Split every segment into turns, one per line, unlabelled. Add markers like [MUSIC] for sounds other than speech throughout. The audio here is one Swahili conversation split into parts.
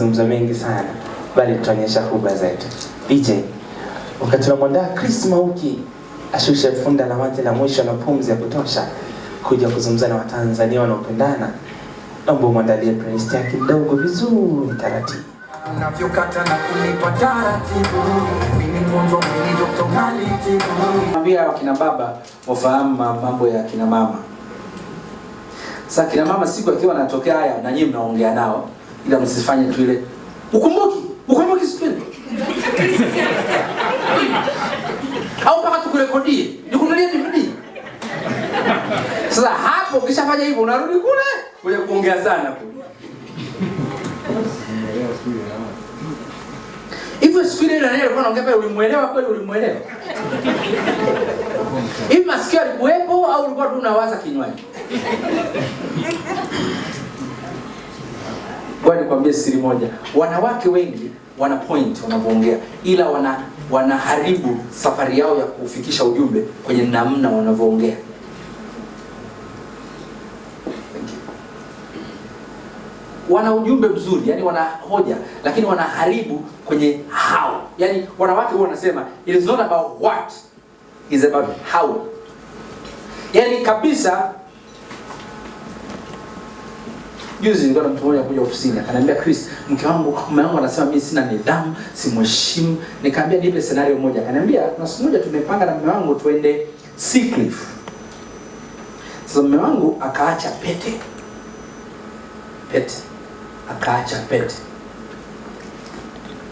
kuzungumza mengi sana, bali tutaonyesha huba zetu. DJ, wakati tunamwandaa Chris Mauki ashushe funda la mate la mwisho na pumzi ya kutosha kuja kuzungumza na Watanzania wanaopendana, naomba umwandalie playlist yake kidogo vizuri taratibu unavyokata na kunipa taratibu, mimi mgonjwa mimi dokta nalitibu. Mwambia wakina baba wafahamu mambo ya kina mama. Sasa kina mama siku akiwa anatokea haya na nyinyi mnaongea nao ila msifanye tu ile ukumbuki ukumbuki siku au mpaka tukurekodie nikunulie DVD. Sasa hapo ukishafanya hivyo, unarudi kule kwenye kuongea sana hivyo. Siku ile ile alikuwa anaongea pale, ulimwelewa kweli? Ulimwelewa hivi? masikio alikuwepo au ulikuwa tu unawaza kinywaji? Ngoja nikwambie siri moja, wanawake wengi wana point wanavyoongea, ila wana wanaharibu safari yao ya kufikisha ujumbe kwenye namna wanavyoongea. Wana ujumbe mzuri, yani wana hoja, lakini wanaharibu kwenye how. Yani wanawake huwa wanasema it is not about what is about how, yani kabisa Juzi nilikuwa na mtu mmoja kuja ofisini akaniambia, Chris, mke wangu mume wangu anasema mimi sina nidhamu, simheshimu. Nikamwambia nipe scenario moja. Akaniambia kuna siku moja tumepanga na mume wangu tuende Sea Cliff. Sasa mume wangu akaacha pete. Pete. Akaacha pete.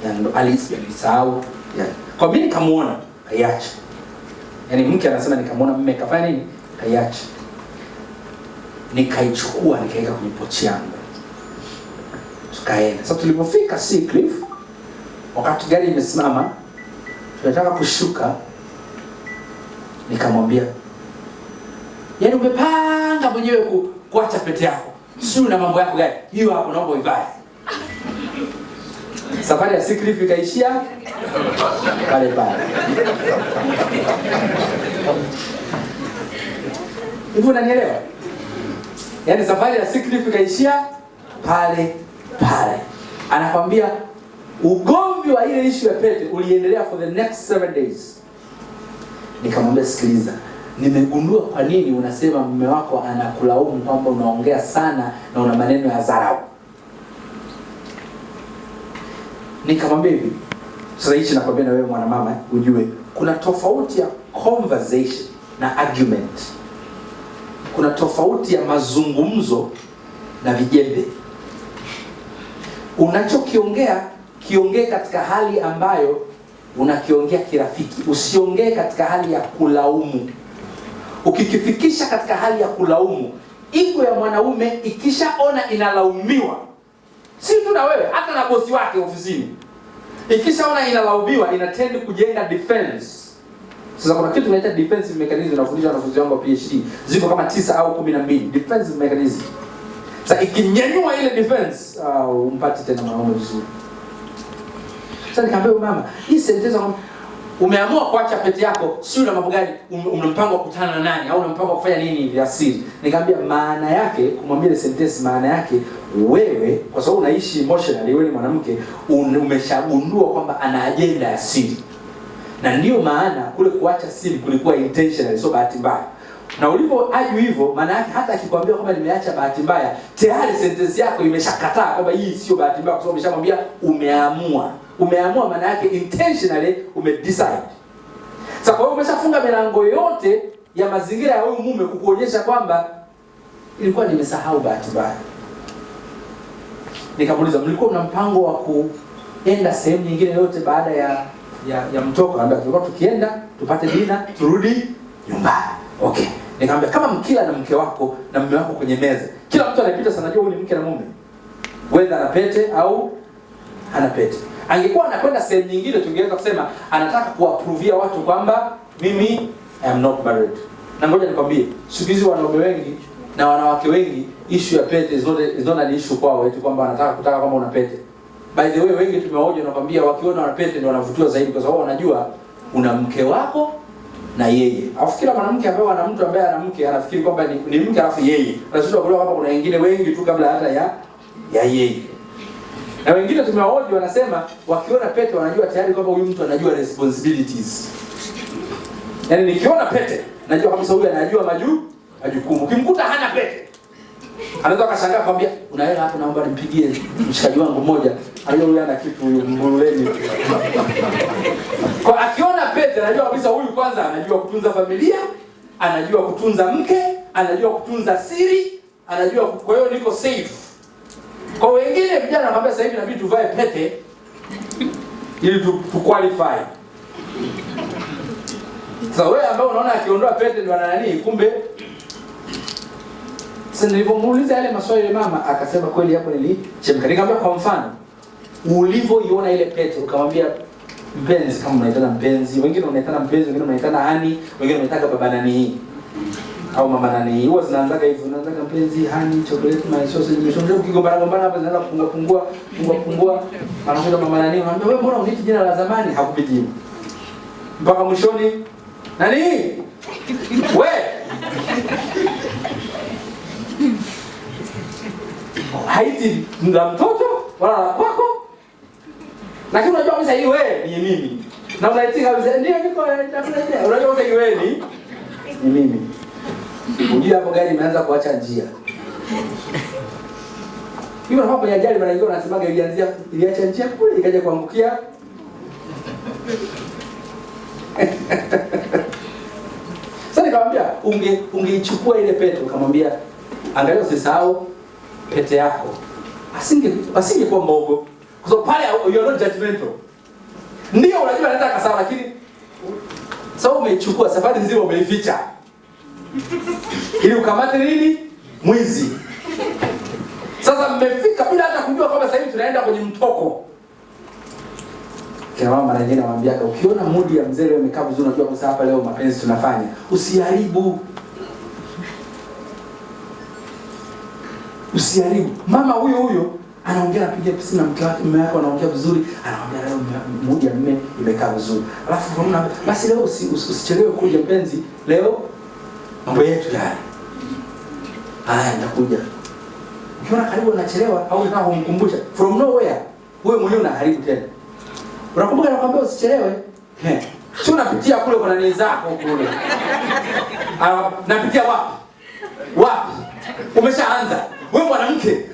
Yaani alisi alisahau. Yaani kwa mimi nikamuona kaiacha. Yaani mke anasema nikamwona mume kafanya nini? Kaiacha nikaichukua nikaweka kwenye pochi yangu, tukaenda. Sasa tulipofika Cliff, wakati gari imesimama, tunataka kushuka, nikamwambia yaani, umepanga mwenyewe ku, kuacha pete yako, si na mambo yako gari hiyo hapo, naomba uivae. Safari ya Sea Cliff ikaishia pale pale. Hivyo nanielewa Yaani safari ya Wycliffe ikaishia pale pale. Anakwambia ugomvi wa ile issue ya pete uliendelea for the next seven days. Nikamwambia sikiliza, nimegundua kwa nini unasema mume wako anakulaumu kwamba unaongea sana na una maneno ya dharau. Nikamwambia hivi, sasa hichi nakwambia na wewe mwanamama ujue kuna tofauti ya conversation na argument kuna tofauti ya mazungumzo na vijembe. Unachokiongea kiongee katika hali ambayo unakiongea kirafiki, usiongee katika hali ya kulaumu. Ukikifikisha katika hali ya kulaumu, ego ya mwanaume ikishaona inalaumiwa, si tu na wewe, hata na bosi wake ofisini, ikishaona inalaumiwa, inatendi kujenga defense sasa kuna kitu tunaita defensive mechanism nafundisha wanafunzi wangu wa PhD. Ziko kama tisa au 12 defensive mechanism. Sasa ikinyanyua ile defense, uh, ah, umpati tena maono vizuri. Sasa nikamwambia mama, hii sentence umeamua kuacha peti yako, sio na mambo gani, um, una mpango wa kukutana na nani au una mpango wa kufanya nini ya siri. Nikamwambia maana yake, kumwambia ile sentence maana yake wewe kwa sababu unaishi emotionally, wewe ni mwanamke, umeshagundua kwamba ana ajenda ya siri na ndio maana kule kuacha simu kulikuwa intentional, sio bahati mbaya. Na ulipo aju hivyo, maana yake hata akikwambia kwamba nimeacha bahati mbaya, tayari sentensi yako imeshakataa kwamba hii sio bahati mbaya, kwa sababu umeshamwambia umeamua. Umeamua maana yake intentionally umedecide. Sasa kwa hiyo umeshafunga milango yote ya mazingira ya huyu mume kukuonyesha kwamba ilikuwa nimesahau bahati mbaya. Nikamuuliza, mlikuwa mna mpango wa kuenda sehemu nyingine yote baada ya ya, ya mtoko ambayo tulikuwa tukienda tupate dina turudi nyumbani. Okay. Nikamwambia kama mkila na mke wako na mume wako kwenye meza, kila mtu anapita sana, jua ni mke na mume, wenda ana pete au ana pete. Angekuwa anakwenda sehemu nyingine, tungeweza kusema anataka kuwaprovia watu kwamba mimi I am not married. Na ngoja nikwambie, siku hizi wanaume wengi na wanawake wengi, issue ya pete is not, is not an issue kwao, eti kwamba anataka kutaka kwamba una pete by the way, wengi tumewaoja, nakwambia wakiona wanapete ndio wanavutiwa zaidi, kwa sababu wanajua una mke wako na yeye. Alafu kila mwanamke ambaye ana mtu ambaye ana mke anafikiri kwamba ni, ni mke alafu yeye. Na sisi tunakuelewa hapa kuna wengine wengi tu kabla hata ya ya yeye. Na wengine tumewaoja wanasema wakiona pete wanajua tayari kwamba huyu mtu anajua responsibilities. Yaani nikiona pete najua kabisa huyu anajua majukumu. Ukimkuta hana pete Anaweza akashangaa kwambia una hela hapo, naomba nimpigie mshikaji wangu mmoja aliyoyule ana kitu mbuleni Kwa akiona pete anajua kabisa huyu kwanza anajua kutunza familia, anajua kutunza mke, anajua kutunza siri, anajua kwa hiyo niko safe. Kwa wengine vijana wanaambia sasa hivi inabidi tuvae pete ili tu, tu qualify. Sasa so, wewe ambao unaona akiondoa pete ndo ana nani kumbe sasa nilivyomuuliza yale maswali yule mama akasema kweli hapo nilichemka. Nikamwambia kwa mfano, ulivyoiona ile pete ukamwambia mpenzi, kama unaitana mpenzi, wengine unaitana mpenzi, wengine unaitana hani, wengine unaitaka baba nani hii au mama nani hii, huwa zinaanzaga hivyo, unaanzaga mpenzi, hani, chocolate my sausage, Ndio ukigombana gombana hapo zinaanza kufunga fungua, pungua fungua. Anakuja mama nani, anamwambia wewe, mbona unaita jina la zamani? Hakupijibu mpaka mwishoni nani Wewe. haiti la mtoto wala la kwako, lakini unajua kabisa hii wewe ni mimi, na unaitika kabisa ndio niko unajua kabisa wewe ni ni mimi. Ujue hapo gari imeanza kuacha njia. Hiyo hapo ya ajali mara nyingine unasemaga ilianzia iliacha njia kule ikaja kuangukia. [LAUGHS] Sasa nikamwambia unge ungeichukua ile Petro, nikamwambia angalia usisahau pete yako, asinge asingekuwa mogo kwa sababu pale you are not judgmental. Ndio unajua anaenda kasema, lakini sasa umechukua safari nzima umeificha ili ukamate nini mwizi. Sasa mmefika bila hata kujua kwamba sasa hivi tunaenda kwenye mtoko. mama mara nyingine anamwambia ukiona mudi ya mzee leo imekaa vizuri, unajua kwa hapa leo mapenzi tunafanya, usiharibu usiharibu. Mama huyo huyo anaongea anapiga pisi na mke wake, mume wake anaongea vizuri, anaongea leo moja nne imekaa vizuri. Alafu kuna basi leo usi, usi, usichelewe kuja mpenzi, leo mambo yetu yale. Haya nitakuja. Ukiona karibu anachelewa au unataka kumkumbusha from nowhere, wewe mwenyewe unaharibu tena. Unakumbuka nakwambia usichelewe? Eh. Sio unapitia kule kwa nani zako kule. Ah, napitia wapi? Wapi? Umeshaanza wewe mwanamke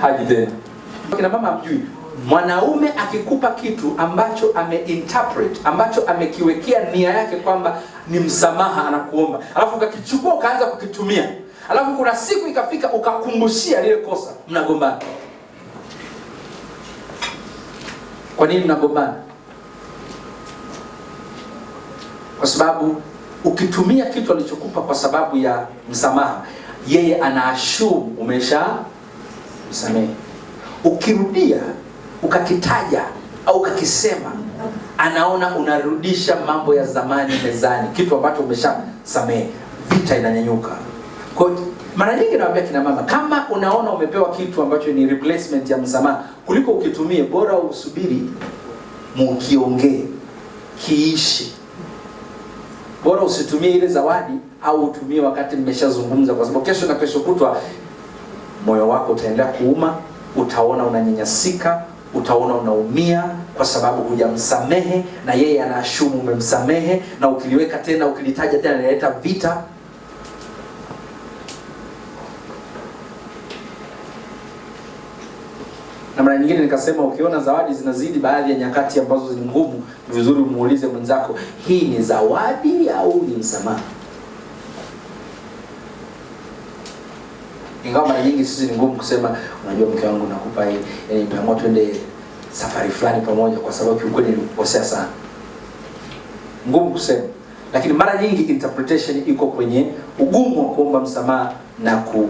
haji tena. Kina mama mjui, mwanaume akikupa kitu ambacho ameinterpret ambacho amekiwekea nia yake kwamba ni msamaha, anakuomba alafu ukakichukua ukaanza kukitumia, alafu kuna siku ikafika ukakumbushia lile kosa, mnagombana. Kwa nini mnagombana? Kwa sababu Ukitumia kitu alichokupa kwa sababu ya msamaha, yeye anaashumu umesha msamehe. Ukirudia ukakitaja au ukakisema, anaona unarudisha mambo ya zamani mezani, kitu ambacho umeshasamehe. Vita inanyanyuka. Kwa mara nyingi nawaambia kina mama, kama unaona umepewa kitu ambacho ni replacement ya msamaha, kuliko ukitumie, bora usubiri mukiongee kiishi Bora usitumie ile zawadi au utumie wakati mmeshazungumza, kwa sababu kesho na kesho kutwa moyo wako utaendelea kuuma, utaona unanyanyasika, utaona unaumia kwa sababu hujamsamehe na yeye anaashumu umemsamehe, na ukiliweka tena, ukilitaja tena inaleta vita. mara nyingine nikasema, ukiona zawadi zinazidi baadhi ya nyakati ambazo ni ngumu, vizuri umuulize mwenzako, hii ni zawadi au ni msamaha? Ingawa mara nyingi sisi ni ngumu kusema, unajua mke wangu nakupa hii, yani pamoja twende safari fulani pamoja, kwa sababu kiukweli nilikukosea sana. Ngumu kusema, lakini mara nyingi interpretation iko kwenye ugumu wa kuomba msamaha na ku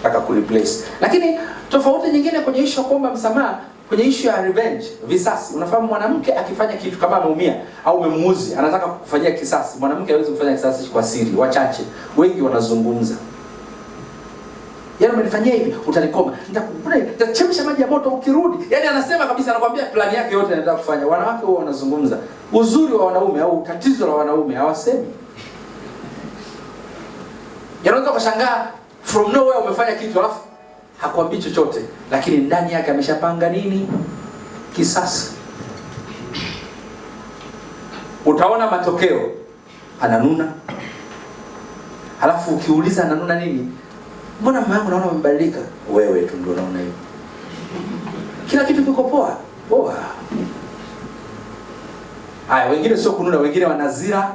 mpaka akakureplace. Lakini tofauti nyingine kwenye issue ya kuomba msamaha kwenye issue ya revenge, visasi. Unafahamu, mwanamke akifanya kitu kama ameumia au umemuuzi, anataka kufanyia kisasi, mwanamke hawezi kufanya kisasi kwa siri. Wachache, wengi wanazungumza, yaani umenifanyia hivi, utanikoma, nitakukuna, nitachemsha maji ya moto ukirudi. Yaani anasema kabisa, anakuambia plani yake yote anataka kufanya. Wanawake huwa wanazungumza. Uzuri wa wanaume au tatizo la wanaume hawasemi. Yanaweza yaani kushangaa from nowhere umefanya kitu alafu hakwambii chochote, lakini ndani yake ameshapanga nini? Kisasi. Utaona matokeo ananuna, halafu ukiuliza ananuna nini, mbona mama yangu naona amebadilika? Wewe tu ndio unaona hivyo, kila kitu kiko poa poa. Haya, wengine sio kununa, wengine wanazira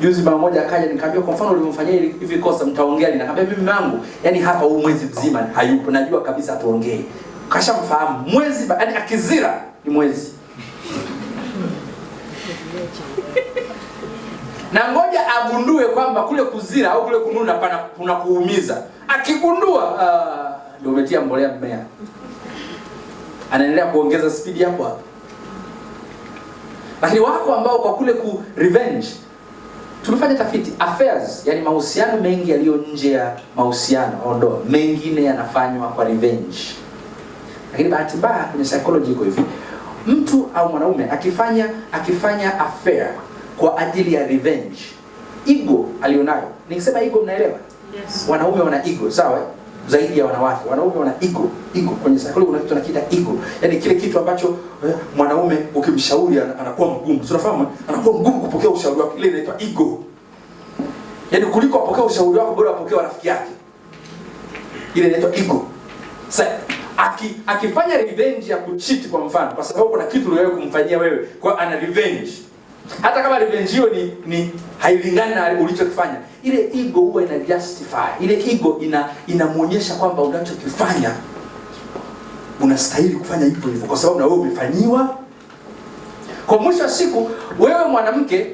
Juzi mara moja akaja nikamwambia kwa mfano ulimfanyia hivi kosa mtaongea nini? Akamwambia mimi mangu, yani hapa huu mwezi mzima hayupo. Najua kabisa atuongee, Kashamfahamu mwezi yani akizira ni mwezi. Na ngoja agundue kwamba kule kuzira au kule kununa pana kuna kuumiza. Akigundua ah, ndio uh, umetia mbolea mmea. Anaendelea kuongeza spidi hapo hapo. Lakini wako ambao kwa kule ku revenge Tumefanya tafiti affairs, yani mahusiano mengi yaliyo nje ya mahusiano au ndoa, mengine yanafanywa kwa revenge. Lakini bahati mbaya kwenye psychology iko hivi, mtu au mwanaume akifanya akifanya affair kwa ajili ya revenge, ego alionayo, nikisema ego mnaelewa? Yes. Wanaume wana ego, sawa? zaidi ya wanawake. Wanaume wana ego, ego kwenye saikolojia kuna kitu anakiita ego, yaani kile kitu ambacho eh, mwanaume ukimshauri anakuwa mgumu, Sio unafahamu, anakuwa mgumu kupokea ushauri wako, ile inaitwa ego. Yaani kuliko apokea ushauri wako bora apokea rafiki yake, ile inaitwa ego. Sasa aki, akifanya revenge ya kuchiti kwa mfano, kwa sababu kuna kitu uliwahi kumfanyia wewe, kwa ana revenge hata kama revenge ni, ni hailingani na ulichokifanya, ile ego huwa ina justify, ile ego ina inamuonyesha kwamba unachokifanya unastahili kufanya hivyo hivyo, kwa sababu na wewe umefanyiwa. Kwa mwisho wa siku, wewe mwanamke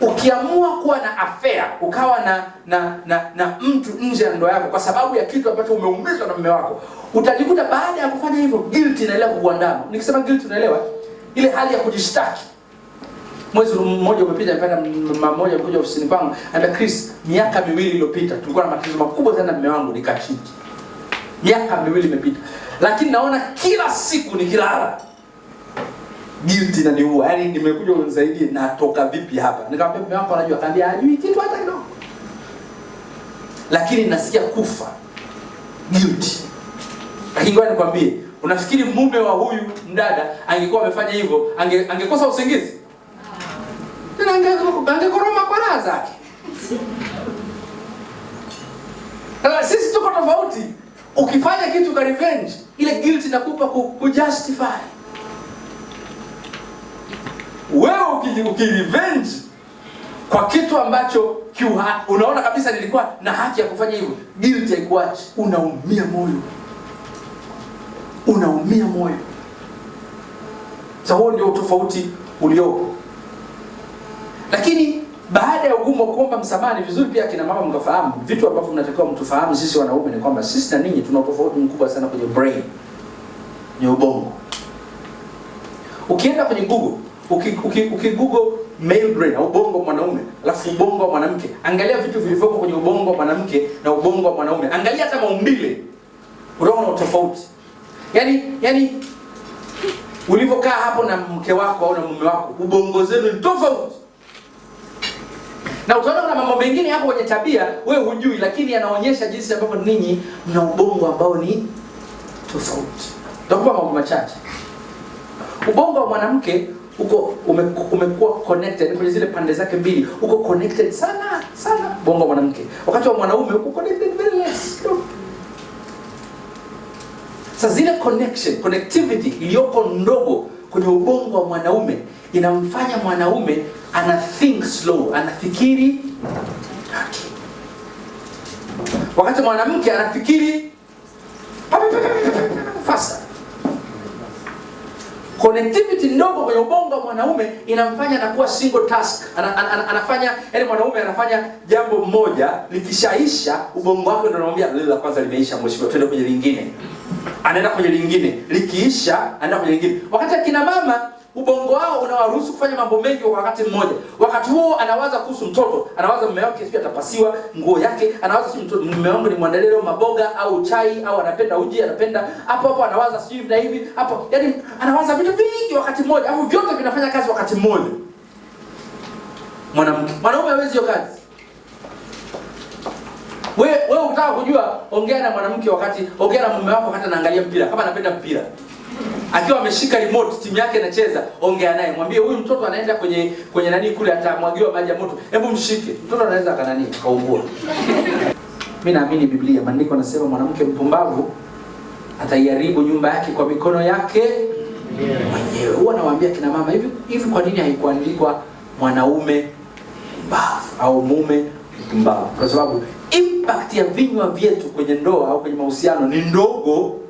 ukiamua kuwa na affair ukawa na na na, na mtu nje ya ndoa yako kwa sababu ya kitu ambacho umeumizwa na mume wako, utajikuta baada ya kufanya hivyo guilt inaelewa kukuandama. Nikisema guilt, unaelewa ile hali ya kujishtaki mwezi mmoja umepita, nikaenda mama mmoja kuja ofisini kwangu, anambia Chris, miaka miwili iliyopita tulikuwa na matatizo makubwa sana mume wangu nikachiki. Miaka miwili imepita, lakini naona kila siku nikilala guilt inaniua. Yaani nimekuja zaidi, natoka vipi hapa? Nikamwambia mume wangu anajua, akaambia hajui kitu hata kidogo. Lakini nasikia kufa guilt. Lakini ngoja nikwambie, unafikiri mume wa huyu mdada angekuwa amefanya hivyo, ange, angekosa usingizi? angekoroma kwa raha zake. Sisi tuko tofauti. Ukifanya kitu ka revenge, ile guilt inakupa kujustify. Wewe ukirevenge kwa kitu ambacho kiuha, unaona kabisa nilikuwa na haki ya kufanya hivyo, guilt haikuachi, unaumia moyo, unaumia moyo. Sasa huo ndio tofauti uliopo. Lakini baada ya ugumu wa kuomba msamaha, ni vizuri pia kina mama mkafahamu vitu ambavyo mnatakiwa mtufahamu sisi wanaume ni kwamba sisi na ninyi tuna tofauti mkubwa sana kwenye brain, ni ubongo. Ukienda kwenye Google uki, uki, uki Google male brain au ubongo wa mwanaume alafu ubongo wa mwanamke, angalia vitu vilivyoko kwenye ubongo wa mwanamke na ubongo wa mwanaume, angalia hata maumbile, utaona tofauti. Yaani, yaani ulivyokaa hapo na mke wako au na mume wako, ubongo zenu ni tofauti. Na utaona kuna mambo mengine hapo kwenye tabia wewe hujui, lakini yanaonyesha jinsi ambavyo ninyi mna ubongo ambao ni tofauti. Nitakupa mambo machache. Ubongo wa mwanamke uko umekuwa connected kwenye zile pande zake mbili, uko connected sana sana, ubongo wa mwanamke, wakati wa mwanaume uko connected very less. Sasa zile connection, connectivity iliyoko ndogo kwenye ubongo wa mwanaume inamfanya mwanaume ana think slow, anafikiri wakati mwanamke anafikiri fasa. Connectivity ndogo kwenye ubongo wa mwanaume inamfanya anakuwa single task, ana, ana, ana, anafanya yaani mwanaume anafanya jambo moja likishaisha, ubongo wake ndio anamwambia lile la kwanza limeisha, mheshimiwa, twende kwenye lingine, anaenda kwenye lingine, likiisha anaenda kwenye lingine. Wakati akina mama ubongo wao unawaruhusu kufanya mambo mengi kwa wakati mmoja. Wakati huo anawaza kuhusu mtoto, anawaza mume wake sio atapasiwa nguo yake, anawaza si mtoto, mume wangu ni leo maboga au chai au anapenda uji, anapenda hapo hapo, anawaza sio hivi na hivi hapo, yani anawaza vitu vingi wakati mmoja, au vyote vinafanya kazi wakati mmoja. Mwanamke, mwanaume hawezi hiyo kazi. Wewe wewe, unataka kujua, ongea na mwanamke wakati, ongea na mume wako wakati anaangalia mpira, kama anapenda mpira akiwa ameshika remote timu yake inacheza, ongea naye, mwambie huyu mtoto anaenda kwenye kwenye nani kule, atamwagiwa maji ya moto, hebu mshike mtoto, anaweza akanani akaungua. Mimi naamini Biblia, maandiko nasema mwanamke mpumbavu ataiharibu nyumba yake kwa mikono yake mwenyewe. Yeah. Huwa nawaambia kina mama hivi hivi, kwa nini haikuandikwa mwanaume mpumbavu au mume mpumbavu? Kwa sababu impact ya vinywa vyetu kwenye ndoa au kwenye mahusiano ni ndogo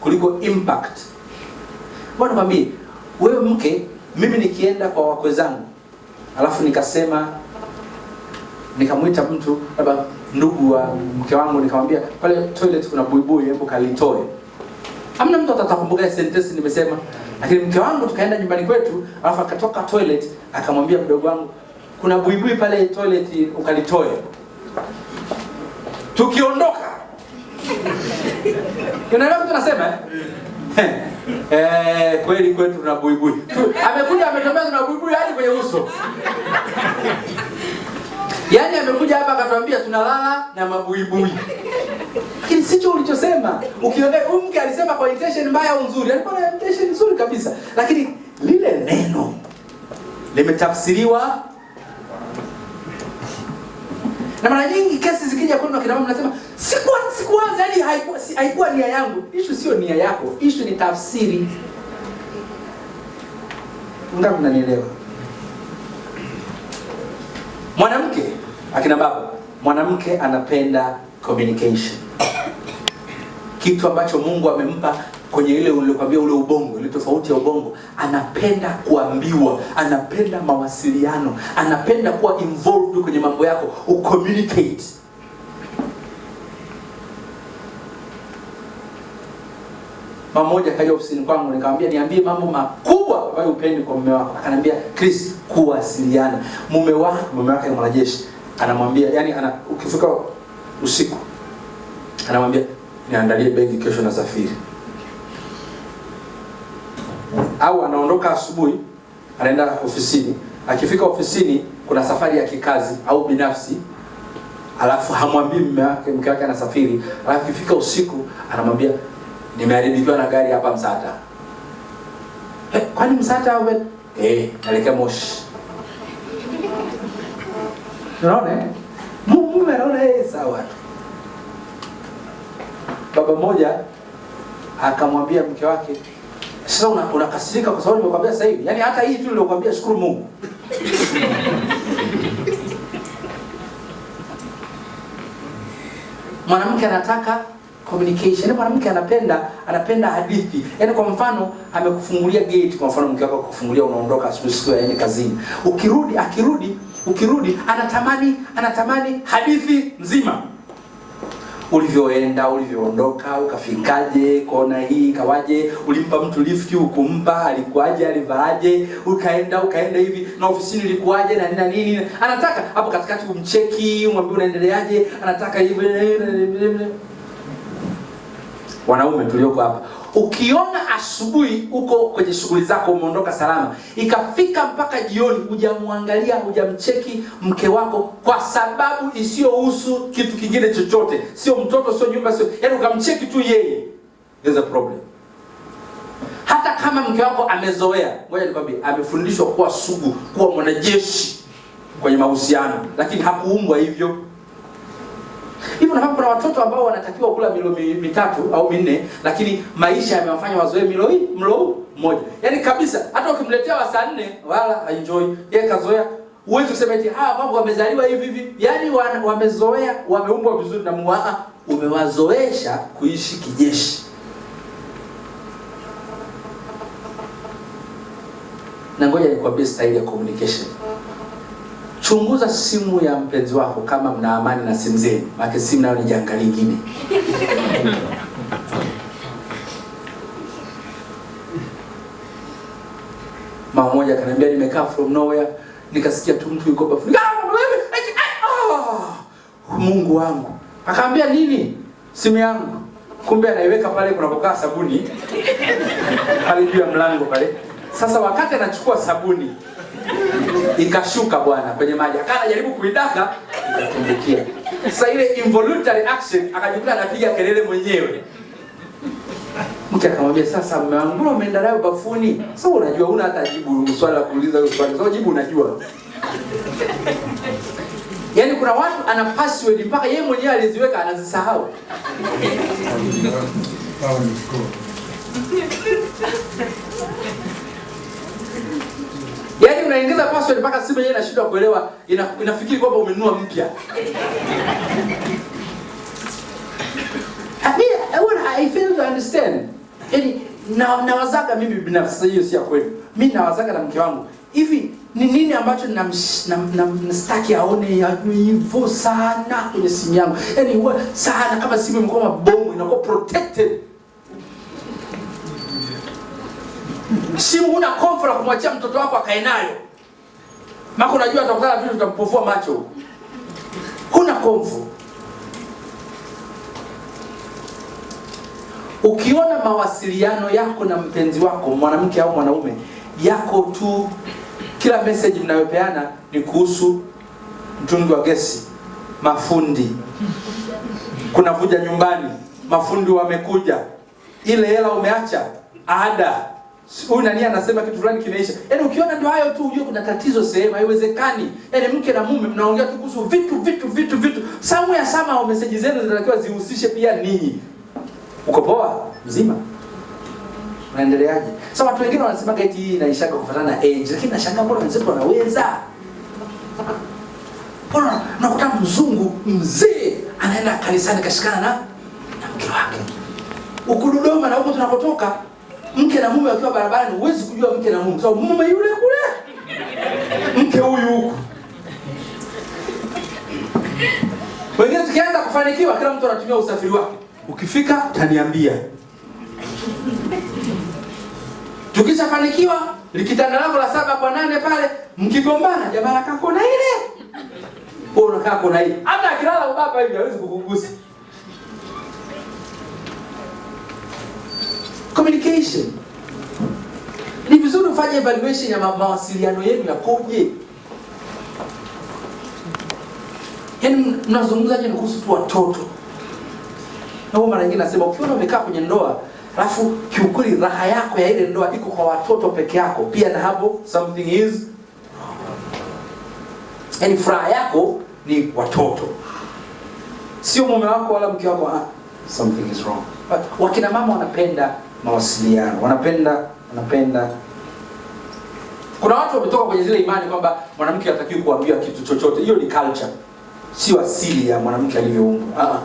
kuliko impact Mbona nikwambie wewe mke, mimi nikienda kwa wakwe zangu alafu nikasema nikamwita mtu labda ndugu wa mke wangu, nikamwambia pale toilet kuna buibui, hebu kalitoe. Hamna mtu atakumbuka sentence nimesema, lakini mke wangu tukaenda nyumbani kwetu, alafu akatoka toilet akamwambia mdogo wangu, kuna buibui pale toilet, ukalitoe. Tukiondoka [LAUGHS] unaelewa mtu anasema eh? Eh, kweli kwetu tuna buibui. Amekuja ametembea na buibui hadi kwenye uso. Yaani amekuja hapa akatwambia tunalala na mabuibui. sicho ulichosema, ukiona mke alisema kwa intention mbaya au nzuri, alikuwa na intention nzuri kabisa. Lakini lile neno limetafsiriwa na mara nyingi kesi zikija kwenu akina mama mnasema siku sikuwaza, yaani haikuwa, haikuwa nia yangu. Ishu sio nia yako, ishu ni tafsiri. Ngapi mnanielewa? Mwanamke akina baba, mwanamke anapenda communication, kitu ambacho Mungu amempa kwenye ile ulikwambia ule ubongo, ile tofauti ya ubongo, anapenda kuambiwa, anapenda mawasiliano, anapenda kuwa involved kwenye mambo yako, ucommunicate mama mmoja kaja ofisini kwangu, nikamwambia niambie mambo makubwa ambayo upendi kwa mume wako. Akaniambia Chris, kuwasiliana. Mume wako mume wake ni mwanajeshi, anamwambia yani ana, ukifika usiku anamwambia niandalie begi, kesho na nasafiri. Au anaondoka asubuhi anaenda ofisini, akifika ofisini kuna safari ya kikazi au binafsi alafu hamwambii mke wake anasafiri, alafu ikifika usiku anamwambia nimeharibikiwa na gari hapa Msata. Hey, eh, kwani Msata au eh, nalekea Moshi. Unaona? Eh? Mungu anaona yeye eh, sawa tu. Baba mmoja akamwambia mke wake, sasa unakasirika una kwa sababu nimekwambia sasa hivi. Yaani hata hii tu nilikwambia shukuru Mungu. [LAUGHS] Mwanamke anataka communication. Yaani mwanamke anapenda anapenda hadithi. Yaani kwa mfano amekufungulia gate kwa mfano mke wako akufungulia unaondoka asubuhi siku ya yani kazini. Ukirudi akirudi ukirudi anatamani anatamani hadithi nzima. Ulivyoenda, ulivyoondoka, ukafikaje, kona hii kawaje, ulimpa mtu lift ukumpa, alikuaje, alivaaje, ukaenda ukaenda hivi na ofisini ilikuaje na nina nini. Anataka hapo katikati umcheki, umwambie unaendeleaje, anataka hivi wanaume tulioko hapa, ukiona asubuhi uko kwenye shughuli zako umeondoka salama, ikafika mpaka jioni hujamwangalia hujamcheki mke wako kwa sababu isiyohusu kitu kingine chochote, sio mtoto, sio nyumba, sio yaani, ukamcheki tu yeye, there's a problem. Hata kama mke wako amezoea, ngoja nikwambie, amefundishwa kuwa sugu, kuwa mwanajeshi kwenye mahusiano, lakini hakuumbwa hivyo. Hivyo nafahamu kuna watoto ambao wanatakiwa kula milo mitatu au minne, lakini maisha yamewafanya wazoee milo hii mlo mmoja, yaani kabisa. Hata ukimletea wa saa nne wala haenjoy. yeye kazoea, huwezi kusema eti ah, babu wamezaliwa hivi hivi, yaani wamezoea, wameumbwa vizuri na muaa, umewazoesha kuishi kijeshi na ngoja nikwambie style ya communication Chunguza simu ya mpenzi wako kama mna amani na simu zenu, maana simu nayo ni janga lingine. [LAUGHS] Mama mmoja akaniambia, nimekaa from nowhere nikasikia tu mtu yuko bafuni. Oh, Mungu wangu, akaambia nini? Simu yangu. Kumbe anaiweka pale kunapokaa sabuni pale [LAUGHS] juu ya mlango pale. Sasa wakati anachukua sabuni ikashuka bwana kwenye maji, akawa anajaribu kuidaka ikatumbukia. Sasa ile involuntary action akajikuta anapiga kelele mwenyewe. Mke akamwambia sasa, mume wangu, mbona umeenda nayo bafuni? sa so, unajua una hata jibu swali la kuuliza hilo swali, sasa jibu unajua. Yaani kuna watu ana password mpaka yeye mwenyewe aliziweka anazisahau. Yaani unaingiza password mpaka simu yenyewe inashindwa kuelewa, ina, inafikiri kwamba umenunua mpya. I eh, I feel to understand. Yaani na nawazaga mimi binafsi hiyo si ya kweli. Mimi nawazaga na mke wangu. Hivi ni nini ambacho namstaki aone ya hivyo sana kwenye simu yangu? Yaani huwa sana kama simu imekuwa bomu inakuwa protected simu una comfort la kumwachia mtoto wako akae nayo, Mako unajua atakutana vitu vitampofua macho Huna comfort. Ukiona mawasiliano yako na mpenzi wako mwanamke au mwanaume yako tu, kila message mnayopeana ni kuhusu mtungi wa gesi, mafundi kuna vuja nyumbani, mafundi wamekuja, ile hela umeacha ada Huyu nani anasema kitu fulani kimeisha. Yaani ukiona ndio hayo tu ujue kuna tatizo sehemu, haiwezekani. Yaani mke na mume mnaongea tu kuhusu vitu vitu vitu vitu. Somewhere au message zenu zinatakiwa zihusishe pia ninyi. Uko poa? Mzima? Unaendeleaje? Sasa watu wengine wanasema eti hii inaishaka kufanana na age, lakini nashangaa mbona wenzetu wanaweza. Bora nakuta mzungu mzee anaenda kanisani kashikana na mke wake. Ukududoma na huko tunapotoka mke na mume wakiwa barabarani, huwezi kujua mke na mume, sababu mume yule kule, mke huyu huku. Wengine tukianza kufanikiwa, kila mtu anatumia usafiri wake, ukifika taniambia Tukishafanikiwa, likitanda lako la saba kwa nane pale, mkigombana, jamaa kakona ile, unakaa kona ile, hata akilala ubaba hivi hawezi kukugusa. Communication. Ni vizuri ufanye evaluation ya mawasiliano yenu yakoje. Yaani mnazungumzaje kuhusu tu watoto? Na mara nyingine nasema ukiona umekaa kwenye ndoa, alafu kiukweli raha yako ya ile ndoa iko kwa watoto peke yako, pia na hapo something is Yaani furaha yako ni watoto. Sio mume wako wala mke wako, ah, something is wrong. But wakina mama wanapenda mawasiliano. Wanapenda wanapenda kuna watu wametoka kwenye zile imani kwamba mwanamke hatakiwi kuambiwa kitu chochote. Hiyo ni culture, sio asili ya mwanamke alivyoumbwa. Ah,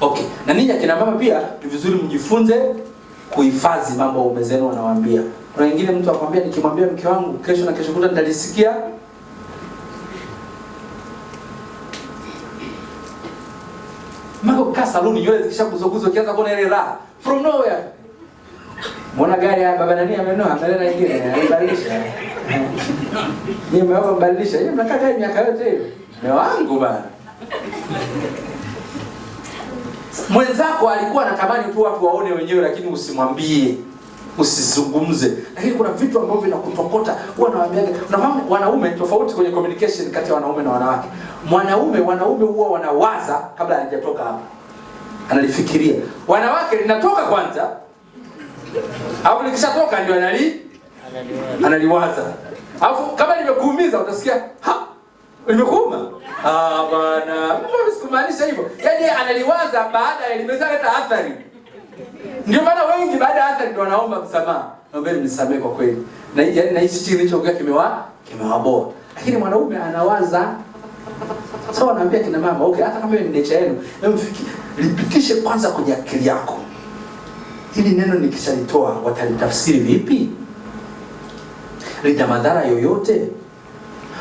okay. Na ninyi akina mama pia ni vizuri mjifunze kuhifadhi mambo waume zenu wanawaambia. Kuna wengine mtu akwambia, nikimwambia mke wangu kesho na kesho kuta nitalisikia Maana ukikaa saluni nywele zikishakuzoguzwa ukianza kuona ile raha from nowhere. Muona gari ya baba nani amenunua ameleta nyingine alibadilisha. Ni mmeomba badilisha. Yeye mnakaa gari miaka yote hiyo. Ni wangu bana. Mwenzako alikuwa anatamani tu watu waone wenyewe, lakini usimwambie usizungumze, lakini kuna vitu ambavyo vinakutokota. Huwa nawaambiaga wanaume, tofauti kwenye communication kati ya wanaume na wanawake. Mwanaume, wanaume huwa wanawaza kabla hajatoka hapa, analifikiria. Wanawake linatoka kwanza, au likishatoka ndio anali analiwaza, alafu kama nimekuumiza utasikia ha imekuuma ah, bana, mbona usikumaanisha hivyo? Yani analiwaza baada ya limezaleta athari ndio maana wengi baada ya athari wanaomba msamaha. Naombeni mnisamehe kwa kweli. Na yaani na hichi nilichoongea kimewa kimewaboa. Lakini mwanaume anawaza. Sasa so, anaambia kina mama, okay, hata kama ni nature yenu, hebu lipitishe kwanza kwenye akili yako. Hili neno nikishalitoa watalitafsiri vipi? Lina madhara yoyote?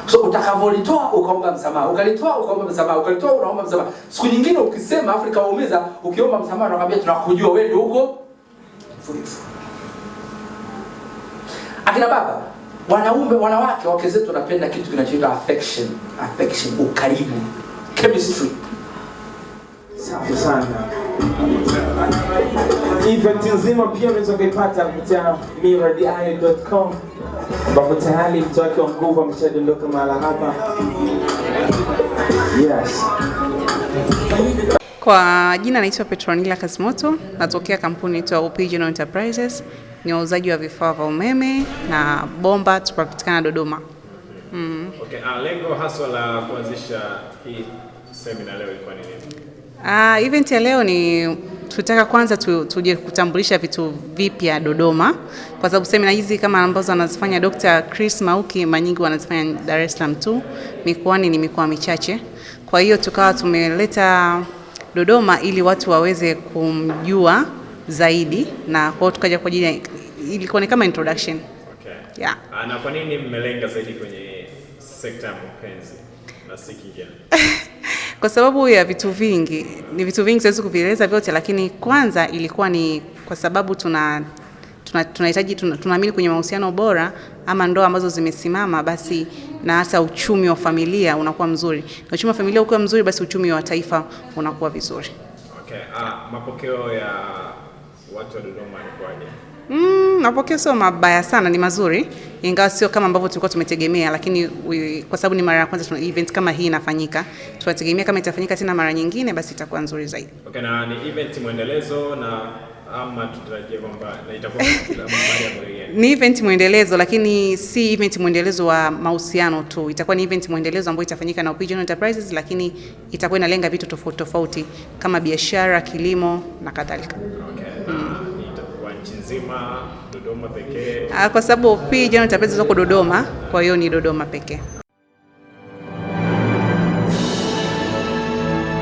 So utakavolitoa ukaomba msamaha, ukalitoa ukaomba msamaha, ukalitoa unaomba msamaha. Siku nyingine ukisema Afrika likaumiza, ukiomba msamaha anakwambia tunakujua wewe ndio huko. Akina baba, wanaume, wanawake, wake zetu wanapenda kitu kinachoitwa affection, affection, ukaribu, chemistry. Safi sana. Event nzima pia unaweza kuipata kupitia miradiayo.com ambapo tayari mtu wake wa nguvu ameshadondoka mahala hapa. Yes.
Kwa jina naitwa Petronila Kazimoto, natokea kampuni inaitwa OP General Enterprises, ni wauzaji wa vifaa vya umeme na bomba, tupatikana Dodoma.
Mm. Okay, uh, lengo haswa la kuanzisha hii seminar leo ilikuwa ni nini?
Ah, event ya leo ni tutaka kwanza tu, tuje kutambulisha vitu vipya Dodoma, kwa sababu semina hizi kama ambazo anazifanya Dr. Chris Mauki mara nyingi wanazifanya Dar es Salaam tu, mikoani ni mikoa michache. Kwa hiyo tukawa tumeleta Dodoma ili watu waweze kumjua zaidi, na kwa hiyo tukaja kwa ajili ilikuwa ni kama introduction.
Okay. Yeah. Ah, na kwa nini mmelenga zaidi kwenye sekta ya mapenzi na si kingine? [LAUGHS]
kwa sababu ya vitu vingi. Ni vitu vingi siwezi kuvieleza vyote, lakini kwanza ilikuwa ni kwa sababu tuna tunahitaji tunaamini tuna, kwenye mahusiano bora ama ndoa ambazo zimesimama, basi na hata uchumi wa familia unakuwa mzuri, na uchumi wa familia ukiwa mzuri, basi uchumi wa taifa unakuwa vizuri.
Okay. Ah, mapokeo ya watu wa Dodoma ni kwaje?
Mm, mapokeo sio mabaya sana, ni mazuri ingawa sio kama ambavyo tulikuwa tumetegemea, lakini we, kwa sababu ni mara ya kwanza tuna event kama hii inafanyika, tunategemea kama itafanyika tena mara nyingine, basi itakuwa nzuri zaidi.
Okay, na ni event mwendelezo na ama tutarajie kwamba itakuwa
[LAUGHS] ni event mwendelezo, lakini si event mwendelezo wa mahusiano tu. Itakuwa ni event mwendelezo ambayo itafanyika na Pigeon Enterprises, lakini itakuwa inalenga vitu tofauti tofauti kama biashara, kilimo na kadhalika.
Okay, na hmm. itakuwa nchi nzima Dodoma pekee?
Ah, Kwa sababu pia jana tapeza kwa Dodoma, kwa hiyo ni Dodoma pekee.